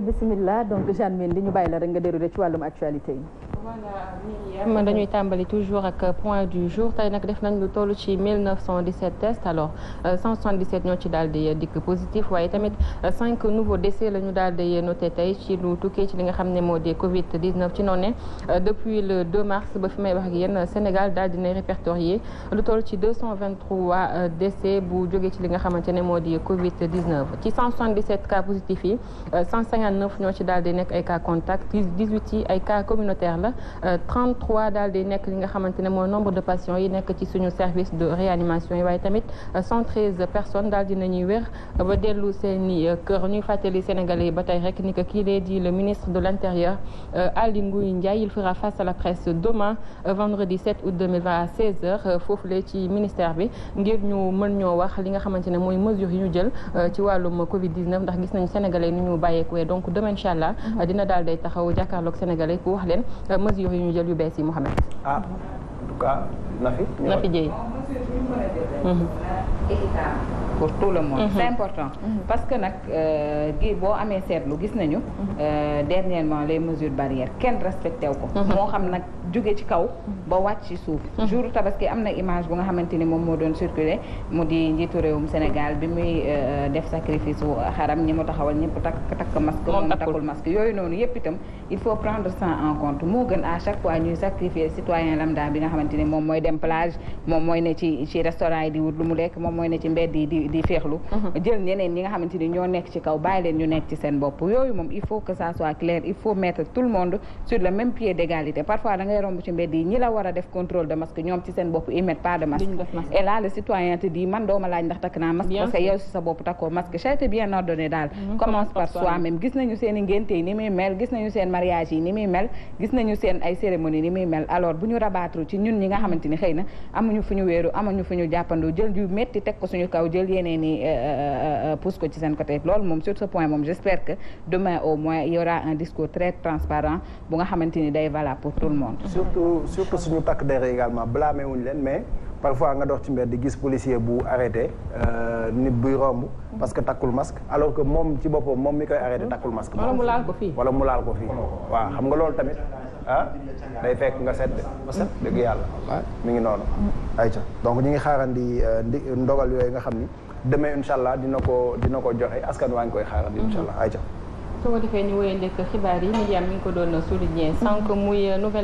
bismillah donc Jeanne Mendy ñu bàyyi la rek nga déroulé ci wàllum actualité voilà dañuy tàmbali toujours ak euh, point du jour tey nag def nañ lu toll ci 1917 tests alors 177 euh, ñoo ci daal di euh, dikk positif waaye tamit 5 nouveaux décès la ñu daal di noté tey ci lu tukkee ci li nga xam ne moo di Covid 19 ci noonu ne depuis le 2 mars ba fi may wax ak yenn Sénégal daal dina répertorié lu toll ci 223 décès bu jógee ci li nga xamante ne moo di Covid 19. ci 177 cas positifs yi 159 ñoo ci daal di nekk ay cas contacts 18 yi ay cas communautaire la. 33 euh, daal di nekk li nga xamante ne mooy nombre de patients yi nekk ci suñu service de réanimation yi waaye tamit 113 euh, personnes daal dina ñuy wér ba dellu seen i euh, kër ñuy fàttali Sénégalais yi ba tey rek ni que kii lee di le ministre de l' intérieur Aly Ngouille Ndiaye il fera face à la presse demain vendredi 7 août 2020 à 16h foofu lee ci ministère bi ngir ñu mën ñoo wax li nga xamante ne mooy mesures yi ñu jël ci wàllum Covid 19 ndax gis nañu Sénégalais yi ni ñu bàyyeekuwee donc demain incha allah mm-hmm. daal day taxaw jàkkaarloog Sénégalais ku wax leen. mesures yu ñu jël yu bees yi Mouhamed. ah en tout pour tout le monde. Mhm. c'est important mhm. parce que nag euh, gi boo amee seetlu gis nañu. Mhm. Euh, dernièrement les mesures barrières kenn respecté wu ko. moo xam nag. jóge ci kaw ba wàcc ci suuf mm-hmm. jour tabaski am na image bu nga xamante ni moom moo doon circuler mu di njiitu réewum Sénégal bi muy euh, def sacrifice wu xaram ñi mu taxawal ñëpp takk takk masque moom mooy dem plage moom mooy ne ci restaurant yi di wut lu mu lekk moom mooy ne ci mbedd di di mm-hmm. jël ñeneen ñi nga xamante ñoo nekk ci kaw bàyyi leen ñu nekk ci seen bopp yooyu moom il faut que ça soit clair il faut mettre tout le monde sur le même pied d'égalité parfois romb ci mbedd yi ñi la war a def contrôle de masque ñoom ci seen bopp ils pas de masque et là le citoyen te dit man dooma laaj ndax takk naa masque parce yow si sa bopp takkoo masque charité bien ordonnée daal commence par soi même yi ni muy mel gis nañu seen seen ay cérémonie ni muy mel alors bu ñu rabattre ci ñun ñi nga xamante xëy na amuñu fu ñu wéeru amuñu fu ñu jàppandoo jël yu métti teg ko suñu kaw jël yeneen euh, euh, euh, pousse ko ci seen côté loolu surtout surtout suñu takk der également blâmé wuñ leen mais parfois nga dox ci mbedd di gis policier bu arrêté euh, nit buy romb parce que takkul masque alors que moom ci boppam moom mi koy arrêté mmh. takkul masque. wala mu laal ko fii wala mu laal ko fii. waaw xam nga loolu tamit ah day fekk nga set. ba set dëgg yàlla ah, mi ngi noonu. Mmh. ayca donc ñu ngi xaarandi euh, ndi ndogal yooyu nga xam ni demee incha dina ko dina ko joxe askan waa ngi koy xaarandi incha allah mmh. ayca. su ko defee ñu wéyal ak xibaar yi Myriam mi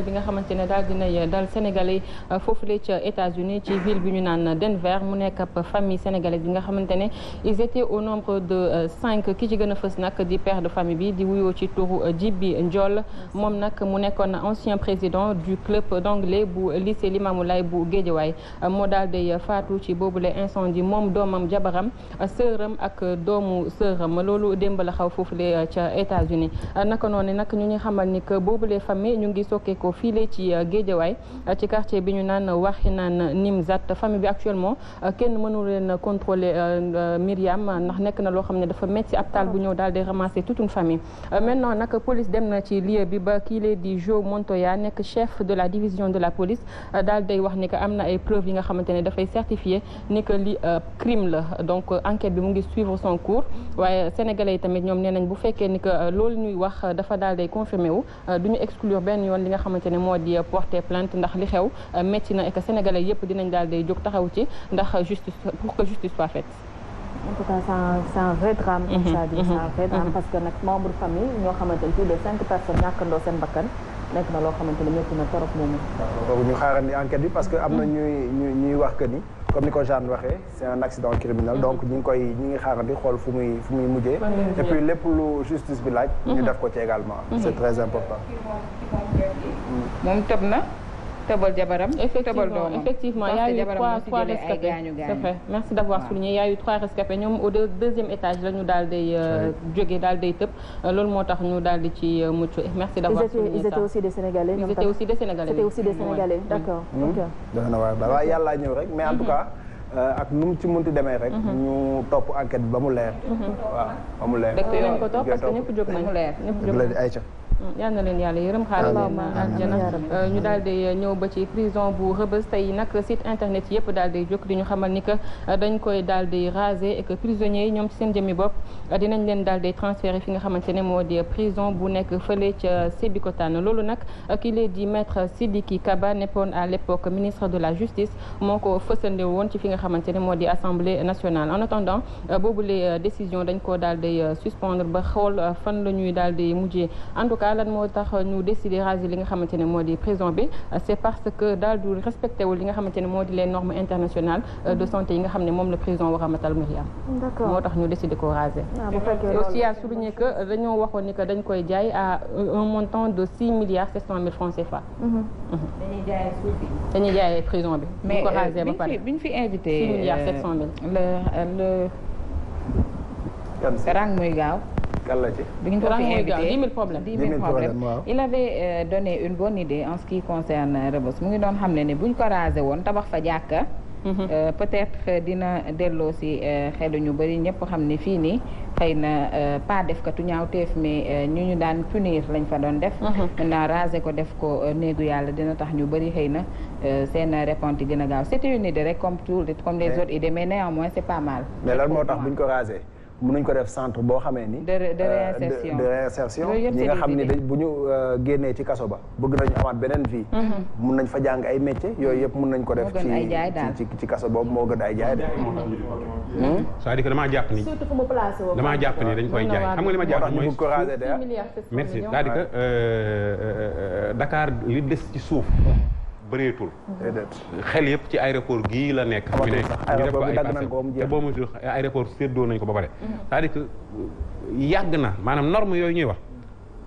bi nga xamante ne daal dinay dal sénégalais foofule ca États-Unis ci ville bi ñu naan Denver mu nekk ab famille sénégalaise bi nga xamante ne ils étaient au nombre de euh, cinq ki ci gën a fës nag di père de famille bi di wuyoo ci turu euh, Djibi Ndiol moom nag mu nekkoon ancien président du club d'anglais bu lycée Limamou Laye bu Guédiawaye moo daal de faatu ci boobule incendie moom doomam jabaram sëram ak doomu sëram loolu États-Unis naka noonu nag ñu ñu xamal ni que boobulee famille ñu ngi sokkeekoo fii lee ci euh, Géejawaay euh, ci quartier bi ñu naan waxi naan Nimzat famille bi actuellement euh, kenn mënu leen contrôler Myriam ndax nekk na loo xam ne dafa metti ab taal bu ñëw daal di ramasser tout une famille maintenant nag police dem na ci lieu bi ba kii lee di Jo Montoya nekk chef de la division de la police daal day wax ni que am na ay preuves yi nga xamante ne dafay certifié ni que li crime la donc enquête bi mu ngi suivre son que euh, loolu ñuy wax euh, dafa daal day confirmé wu euh, du ñu exclure benn yoon li nga xamante ne moo di porter plainte ndax li xew métti na et que sénégalais yëpp dinañ daal day jóg taxaw ci ndax justice pour que justice soit faite. en tout cas c'est un vrai drame comme mhm, ça dit mhm, mhm. parce que nag membre famille ñoo xamante ne plus de cinq personnes ñàkkandoo seen bakkan nekk na loo xamante ne métti na torop moomu ñu xaarandi enquête parce que am na ñuy ñuy wax que ni comme ni ko Jeanne waxee c'est un accident criminel donc ñu ngi koy ñu ngi xaarandi xool fu muy fu muy mujjee et puis lépp lu justice bi laaj ñu mhm. def ko ci également mhm. c'est très important mm. moom tëb na tëbal jabaram effectivement il a eu trois trois rescapés merci d'avoir souligné il trois rescapés ñoom au deuxième étage la ñu daal euh, jóge daal day tëb euh, loolu moo tax ñu daal di ci euh, mucc merci d'avoir souligné ça ils étaient aussi des sénégalais ils étaient aussi des sénégalais d'accord mmh. ok dana waaye yàlla ñëw rek mais en mmh. tout cas Euh, ak nu mu ci munti demee rek. Mhm. ñu topp enquête bi ba mu leer. Mhm. waaw ba mu leer. dëkk yoon ko topp parce jóg nañu leer. ñëpp jóg nañu mm, na leen yàlla yërëm xaaral ma aljana euh, ñu daal di ñëw ba ci prison bu Rebeuss tey nag site internet yëpp daal di jóg di ñu xamal ni que euh, dañ koy daal di raser et que prisonniers yi ñoom ci seen jëmmi bopp dinañ leen daal di transférer fi nga xamante ne moo di prison bu nekk fële ca Sébikotane loolu nag ki lee di maître Sidiki Kaba nekkoon à l'époque ministre de la justice moo xamante ne moo di assemblée nationale en attendant euh, boobu les euh, décisions dañ ko daal di euh, suspendre ba xool fan la ñuy daal mujjee en tout cas lan moo tax ñu décider raser li nga xamante ne moo di prison bi c'est parce que daal du respecté wul li nga xamante ne moo di les normes internationales de santé yi nga xam ne moom la prison war a matal moo tax ñu décider ko raser ah, aussi à mhm. Mhm. dañuy jaay prison bi bu bi ñu fi invité c'est 6 milliards rang muy gaaw. kàlla ci ko fi invité 10 000 problèmes il avait euh, donné une bonne idée en ce qui concerne euh, Rebeuss mu ngi doon xam ne ne buñ ko rasé woon tabax fa jàkka. Mhm. Euh, peut-être dina delloo si xelu ñu bëri ñëpp xam ne fii nii. xëy na euh, pas def katu ñaawteef mais euh, ñu ñu daan punir lañ fa doon def maintenant mhm. rase ko def ko euh, néegu yàlla dina tax ñu bari xëy na seen réponse yi gën a gaaw c'était une idée rek comme tout comme les autres idées mais néanmoins c'est pas mal mun nañ ko def centre boo xamee ni. de euh, de réinsertion ñi nga xam ni dañ bu ñu euh, génnee ci kaso ba bëgg nañu amaat beneen vie. mun mhm. nañ fa jàng ay métier yooyu yëpp mun nañ ko def. ci ci kaso boobu moo gën ay jaay de. Hmm? c'est-à-dire damaa jàpp ni. damaa jàpp ni dañ koy jaay xam nga li ma jàpp mooy. Ah. merci c'est-à-dire que euh, Dakar li des ci suuf. bëreetul. xel yëpp ci aéroport gii la nekk. fi nekk ñu def ko boo moytuwul aéroport séddoo nañ ko ba pare. Mm-hmm. c'est-à-dire que yàgg na maanaam norme yooyu ñuy wax.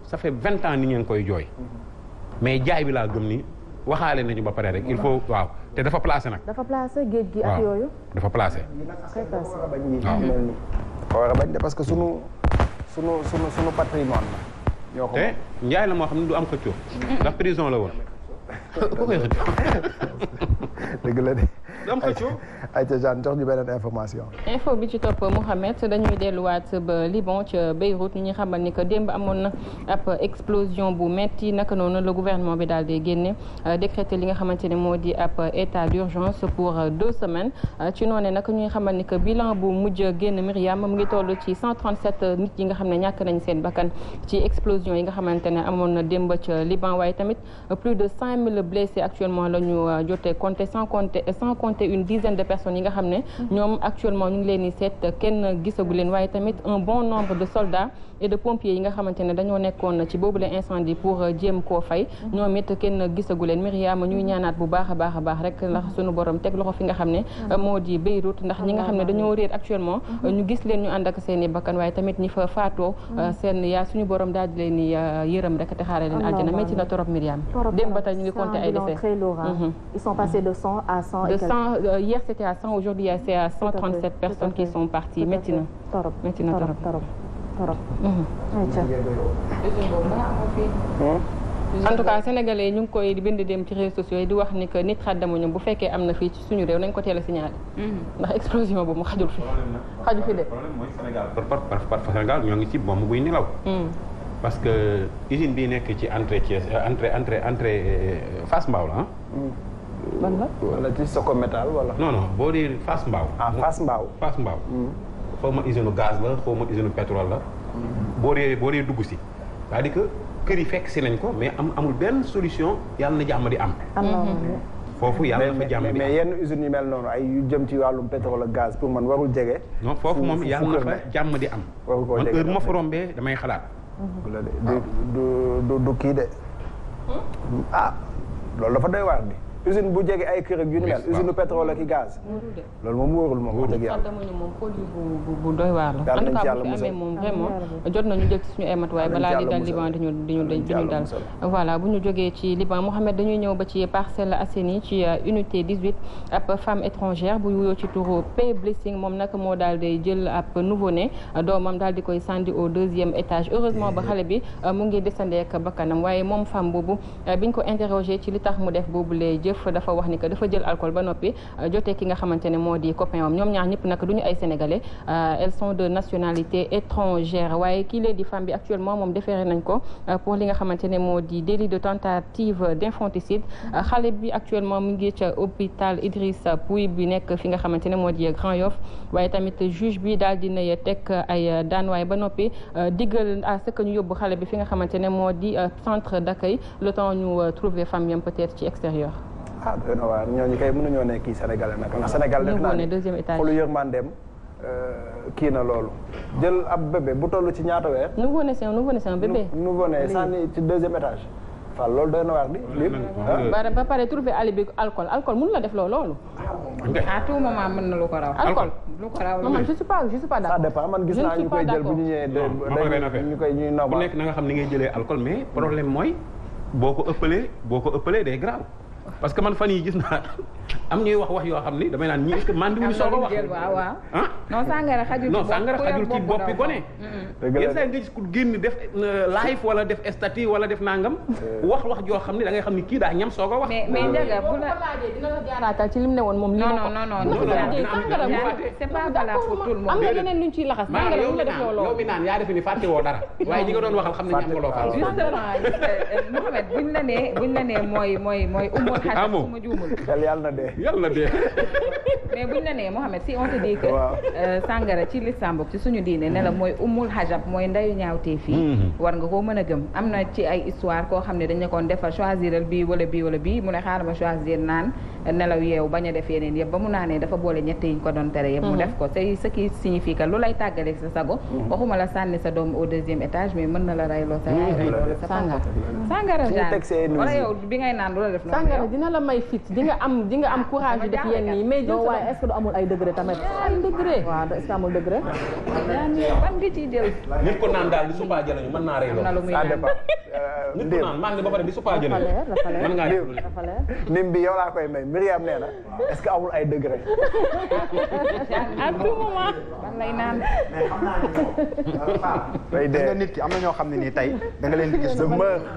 ça fait vingt ans ni ngi koy jooy. Mm-hmm. mais jaay bi laa gëm ni waxaale nañu ba pare rek il faut waaw te dafa placé nag. dafa placé géej gi ak yooyu. dafa placé. a bañ parce que sunu sunu sunu sunu patrimoine la. ñoo ko te njaay la moo xam ne du am ko coow. Mm-hmm. ndax prison la woon. waxee xëcc dëgg la de dam xëccoo ayca Jeanne jox ñu beneen information info bi ci topp na ab explosion naka bi daal di génne euh, décrété li nga ne moo di ab état d'urgence pour deux semaines euh, ci noonu ñuy xamal bilan bu mujj génn Myriam mu ngi toll ci 137 nit yi nga xam ne ñàkk nañ seen bakkan ci explosion yi nga xamante ne amoon na démb ca Liban waaye tamit euh, plus de 5000 actuellement la jotee compté sans compté sans compté te une dizaine de personnes yi nga xam ne mm-hmm. ñoom actuellement ñu ngi leen di seet kenn gisagu leen waaye tamit un bon nombre de soldats et de pompiers yi nga xamante ne dañoo nekkoon ci boobule incendie pour euh, jéem koo fay ñoom it kenn gisagu leen Myriam ñuy ñaanaat bu baax a baax a baax rek ndax suñu borom teg loxo fi nga xam ne euh, moo di Beyrouth ndax ñi nga xam ne dañoo réer actuellement mhm. ñu gis leen ñu ànd ak seen i bakkan waaye tamit ñi fa faatoo euh, mhm. seen yaa suñu borom daal di leen yërëm rek te xaare leen aljana métti na torop Myriam dem ba tey ñu ngi compté ay décès mhm. ils sont passés de 100 à 100 de 100 hier c'était à 100 aujourd'hui c'est na torop métti na torop trop. Mhm. Hmm? en tout cas sénégalais ñu ngi koy bind dem ci réseaux sociaux yi di wax ni que nit xaddamu ñoom bu fekkee am na fii ci suñu réew nañ ko teel a signalé. Mhm. ndax explosion boobu mu xajul fi. xaju fi de problème mooy Sénégal par par par Sénégal ñoo ngi ci bomb buy nilaw. Mhm. parce que usine bii nekk ci entrée Thiès euh, entrée entrée entrée euh, Fass Mbao la ah. ban la. wala ci Soko métal wala. Ah, Fass Mbao. Fass Mbao xaw ma usine gaz la xaw ma usine pétrole la. boo dee boo dugg si. cest que kër yi fekk si nañ ko mais am amul benn solution yàlla na jàmm di am. Mhm. foofu na fa jàmm di am mais yenn usines yu mel noonu ay jëm ci wàllum pétrole ak gaz pour man warul jege. non foofu moom yàlla na fa jàmm di am. man heure ma fa rombee damay xalaat. du du du kii de. Hmm? ah loolu dafa doy waar bi usine bu jege ay kër ak yu ni mel. usine pétrole ak i gaz. loolu moom wóorul moom bu doy waar la. en tout cas bu amee moom vraiment jot nañu jël suñu ay ñu di ñu dal. voilà dañuy ñëw ba ci Parcelles Assainies ci euh, unité 18 ab femme étrangère bu wuyoo ci turu Pay Blessing moom nag moo daal di jël ab nouveau-né doomam daal di koy sànni au deuxième étage heureusement ba xale bi euh, mu ngi descendee ak bakkanam waaye moom femme boobu euh, biñ ko interrogé ci li tax mu def boobu jëf dafa wax ni que dafa jël alcool ba noppi euh, jotee ki nga xamante ne moo di copain ñoom ñaar ñëpp nag du ñu ay sénégalais euh, elles sont de nationalité étrangère waaye kii lee di femme bi actuellement moom déféré nañ ko euh, li nga xamante ne moo di délit de tentative d'infanticide xale bi actuellement mu ngi ca hôpital Idrissa Pouye bi nekk fi nga xamante ne moo di Grand Yoff waaye tamit juge bi daal di nay teg ay daan waaye ba noppi diggal à ce que ñu yóbbu xale bi fi nga xamante ne moo di centre d'accueil le temps ñu trouver famille am peut-être ci extérieur ah doy na waar ñooñu kay mënuñoo nekk kii Sénégalais nag ndax Sénégal def naa ne xolu yërmandeem euh, kii na loolu jël ab bébé bu toll ci ñaata weer. nouveau né c'est un nouveau né c'est un bébé. nouveau né sànni ci deuxième étage. waaw loolu doy na waar di lépp. Ah. ba pare trouvé alibi alcool alcool mënu la def loolu. à tout moment mën na lu ko raw. alcool lu ko raw man je suis pas je suis pas d'accord. ça dépend man gis naa ñu koy jël bu ñu ñëwee. ñu koy ñuy bu nekk na nga xam ni ngay jëlee alcool mais problème mooy boo ko ëppalee boo ko ëppalee day grave. parce que man fan yi gis naa am ñooy wax wax yoo xam ni damay naan ñii est-ce que mandi a wax ah non sàngara xajul non sàngara xajul ci boppi gone yenn saa nga gis ku génn def euh, live wala def statut wala def nangam euh. wax wax joo xam ne dangay xam ni kii daa ñam soog a wax mais mais euh. Ndiaga bu la ne woon moom non am na leneen luñ ciy laxas sàngara lu la def loolu yow mi naan yaa defe ni fàtte woo dara waaye ñi nga doon waxal xam ne am nga loo fa justement Mouhamed buñ la nee buñ la mooy mooy mooy umul xarit su ma juumul yàlla na yàlla dee. mais buñ la nee Mouhamed si on te dit que. Euh, sàngara ci lislaam bokk ci suñu diine ne mm-hmm. mooy umul hajab mooy ndeyu ñaawtee fii. Mm-hmm. war nga koo mën a gëm am na ci ay histoire koo xam ne dañ nekkoon defal choisiral bii wala bii wala bii mu ne xaaral ma choisir naan. nelaw yeewu bañ a def ba mu naanee dafa boole ñett yi ñu ko doon tere yëpp mu mhm. def ko c'est ce qui signifie lu lay tàggaleeg sa sago mhm. waxuma la sànni sa doom au deuxième étage mais mën na la rayloo sa mhm. rayloo sa sàngara sàngara genre bi ngay naan du la def noonu sàngara di nga am di nga am ah, courage yi mais ay degré tamit ay degré waaw est-ce que amul degré ban nga ciy jël nit ko naan daal di supaa jëlañu mën naa reyloo ça dépend nit ko naan maa ngi ba pare nim bi yow laa koy may Myriam nee na est-ce que amul ay degré. à tout moment. man lay naan. mais xam naa ne nga nit ki am na ñoo xam ne nii tey da nga leen di gis.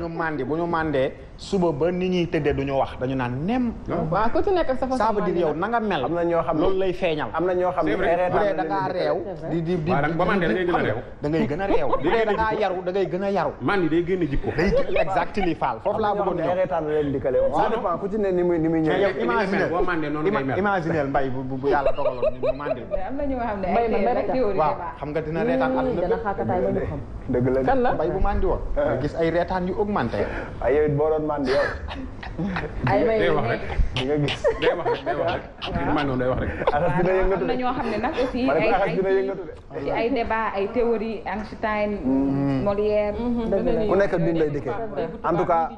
ñu màndi bu ñu màndee suba ba ni ñuy tëddee du ñu wax dañu naan nem. waaw ku ci nekk ak sa façon ça veut dire yow na nga mel. am na ñoo xam ne loolu lay feeñal. am na ñoo xam ne bu dee da ngaa réew. di di di ba màndee da ngay gën a réew. da ngay gën a réew bu dee da ngaa yaru da ngay gën a yaru. màndi day génn jikko. day exactement faal foofu laa bëggoon ñëw. am na ñoo xam ne reetaan leen dikkale woon. ça dépend ku ci ne ni muy ni muy ñëw imaginer boo mandee noonu ngay mel imaginer mbay bu bu a dogaloon ñu mandil waaw xam nga dina reetaan adduna dëgg la kan la mbay bu mandi woon gis ay reetaan yu augmenté ay yow it boo doon mandi yow ay may day wax rek di nga gis day wax rek day wax rek ñu man noonu day wax rek dina yëngatu am na ñoo xam ne nag aussi ay dina yëngatu ci ay débat ay théorie Molière ku nekk ni lay dikkee en tout cas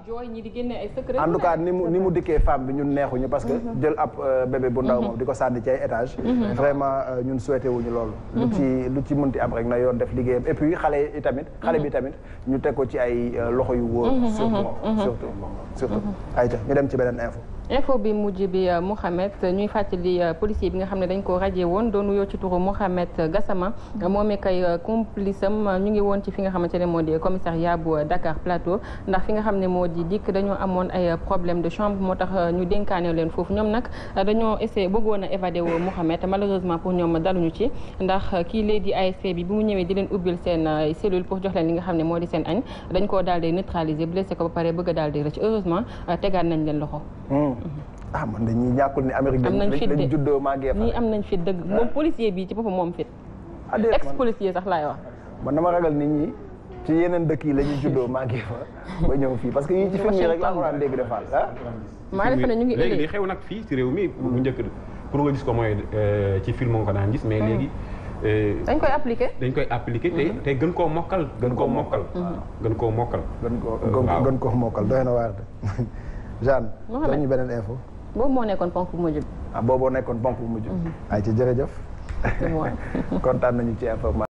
en bi ñun neexuñu parce que mhm. jël ab euh, bébé bu ndaw mhm. moom di ko sànni ci ay étage mhm. vraiment euh, ñun souhaité wuñu loolu lu ci lu ci mënti am rek na yoon def liggéeyam et puis xale yi tamit xale bi tamit ñu teg ko ci ay euh, loxo yu wóor surtout surtout ay ayca ñu dem ci beneen info info bi mujj bi euh, Mouhamed ñuy fàttali euh, policier bi nga xam ne dañ ko rajee woon doon wuyoo ci turu Mouhamed Gassama moomee kay euh, complice am ñu ngi woon ci fi nga xamante ne moo di commissariat bu Dakar Plateau ndax fi nga xam ne moo di dikk dañoo amoon ay problème de chambre moo tax ñu dénkaane leen foofu ñoom nag dañoo essayé bëggoon a évadé woo Mouhamed malheureusement pour ñoom daluñu ci ndax kii léegi di ASP bi bu mu ñëwee di leen ubbil seen cellule pour jox leen li nga xam ne moo di seen añ dañ koo daal di neutraliser blessé ko ba pare bëgg daal di rëcc heureusement tegaat nañ leen loxo Mm-hmm. ah man de ñii ñàkkul ne Amérique. am nañ fit de dañ juddoo màggee fa ñii am nañ fit dëgg moom ah. policier bi ci boppam moom fit. Ah, ex policier laay wax. man dama ragal nit ñi ci yeneen dëkk yi la ñuy juddoo màggee fa ba ñëw fii parce que yii ci film yi rek laa ko daan dégg defaat ah. maa defe ñu ngi léegi di xew nag fii ci réew mi bu njëkk pour nga gis ko mooy euh, ci film nga ko daan gis mais mm. léegi. Euh, dañ koy appliqué dañ koy appliqué te mm-hmm. te gën koo mokkal. gën koo mokkal gën koo mokkal. gën koo gën koo mokkal doy na waar de Jeanne. Mohamed jox ñu beneen info. boobu moo nekkoon ponk bu mujj bi. ah booboo nekkoon ponk bu mujj bi. Mhm. ay ci jërëjëf. kontaan nañu ci information.